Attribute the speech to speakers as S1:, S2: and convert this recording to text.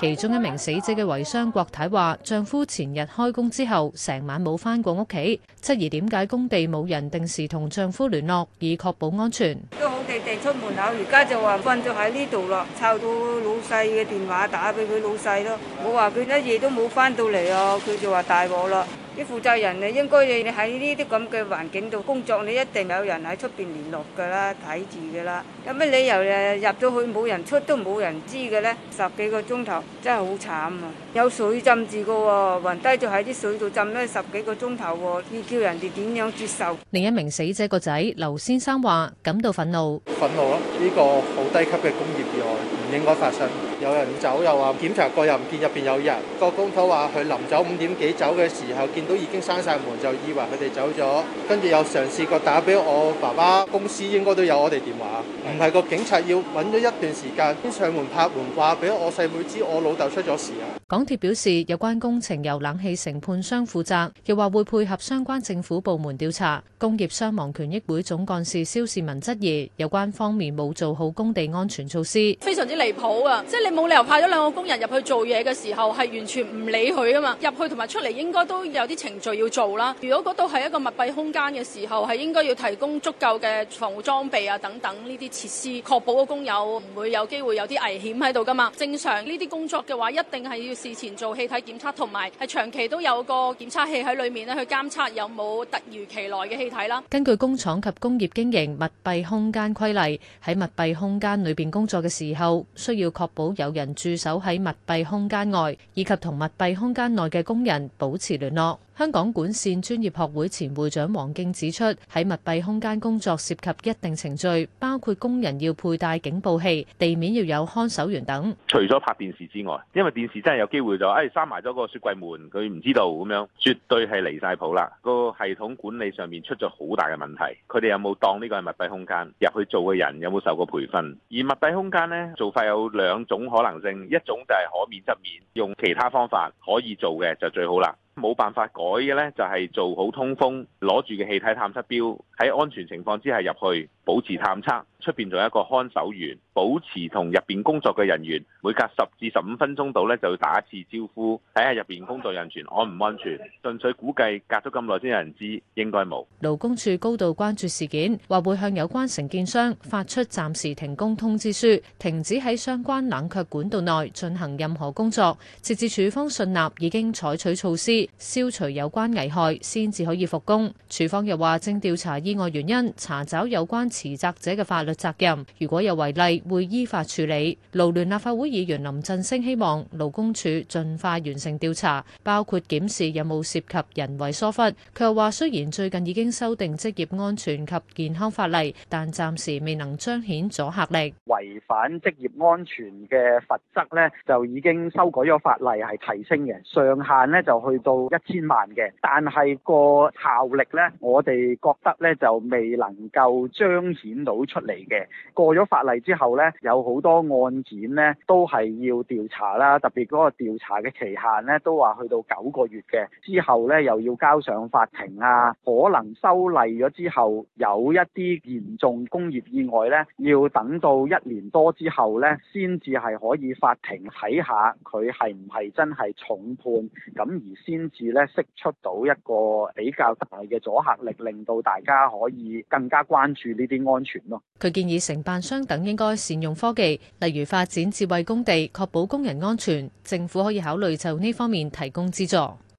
S1: 其中一名死者嘅遺孀郭太話，丈夫前日開工之後，成晚冇翻過屋企，質疑點解工地冇人定時同丈夫聯絡，以確保安全。
S2: 佢哋出門口，而家就話瞓咗喺呢度咯。抄到老細嘅電話打俾佢老細咯。我話佢一夜都冇翻到嚟啊，佢就話大禍啦。啲負責人啊，應該你喺呢啲咁嘅環境度工作，你一定有人喺出邊聯絡噶啦，睇住噶啦。有乜理由啊入咗去冇人出都冇人知嘅呢？十幾個鐘頭真係好慘啊！有水浸住個喎，暈低就喺啲水度浸咗十幾個鐘頭，要叫人哋點樣接受？
S1: 另一名死者個仔劉先生話感到憤怒。
S2: 憤怒咯！呢個好
S3: 低級嘅工業意外。應該發生有人走，又話檢查過，又唔見入邊有人。個工頭話佢臨走五點幾走嘅時候，見到已經閂晒門，就以為佢哋走咗，跟住又嘗試過打俾我爸爸公司，應該都有我哋電話，唔係個警察要揾咗一段時間先上門拍門，話俾我細妹知我老豆出咗事啊！
S1: 港鐵表示有關工程由冷氣承判商負責，又話會配合相關政府部門調查。工業傷亡權益會總幹事蕭士文質疑有關方面冇做好工地安全措施，非常之。離譜啊！即係你冇理由派咗兩個工人入去做嘢嘅時候，係完全唔理佢噶嘛？入去同埋出嚟應該都有啲程序要做啦。如果嗰度係一個密閉空間嘅時候，係應該要提供足夠嘅防護裝備啊，等等呢啲設施，確保個工友唔會有機會有啲危險喺度噶嘛。正常呢啲工作嘅話，一定係要事前做氣體檢測，同埋係長期都有個檢測器喺裏面咧去監測有冇突如其來嘅氣體啦。根據《工廠及工業經營密閉空間規例》，喺密閉空間裏邊工作嘅時候。需要確保有人駐守喺密閉空間外，以及同密閉空間內嘅工人保持聯絡。香港管線專業學會前會長黃敬指出，喺密閉空間工作涉及一定程序，包括工人要佩戴警報器、地面要有看守員等。
S4: 除咗拍電視之外，因為電視真係有機會就誒閂埋咗個雪櫃門，佢唔知道咁樣，絕對係離晒譜啦。個系統管理上面出咗好大嘅問題。佢哋有冇當呢個係密閉空間入去做嘅人有冇受過培訓？而密閉空間呢，做法有兩種可能性，一種就係可免則免，用其他方法可以做嘅就最好啦。冇辦法改嘅咧，就係做好通風，攞住嘅氣體探測表，喺安全情況之下入去。保持探測出邊仲有一個看守員，保持同入邊工作嘅人員每隔十至十五分鐘到咧，就要打一次招呼，睇下入邊工作人員安唔安全。純粹估計隔咗咁耐先有人知，應該冇。
S1: 勞工處高度關注事件，話會向有關承建商發出暫時停工通知書，停止喺相關冷卻管道內進行任何工作，直至處方信納已經採取措施消除有關危害，先至可以復工。處方又話正調查意外原因，查找有關。持責者嘅法律責任，如果有違例，會依法處理。勞聯立法會議員林振昇希望勞工處盡快完成調查，包括檢視有冇涉及人為疏忽。佢又話，雖然最近已經修訂職業安全及健康法例，但暫時未能彰顯阻嚇力。
S3: 違反職業安全嘅罰則咧，就已經修改咗法例係提升嘅上限咧，就去到一千萬嘅。但係個效力咧，我哋覺得咧就未能夠將。顯到出嚟嘅，過咗法例之後咧，有好多案件咧都係要調查啦，特別嗰個調查嘅期限咧都話去到九個月嘅，之後咧又要交上法庭啊，可能修例咗之後有一啲嚴重工業意外咧，要等到一年多之後咧，先至係可以法庭睇下佢係唔係真係重判，咁而先至咧釋出到一個比較大嘅阻吓力，令到大家可以更加關注呢啲。安全咯。
S1: 佢建議承辦商等應該善用科技，例如發展智慧工地，確保工人安全。政府可以考慮就呢方面提供資助。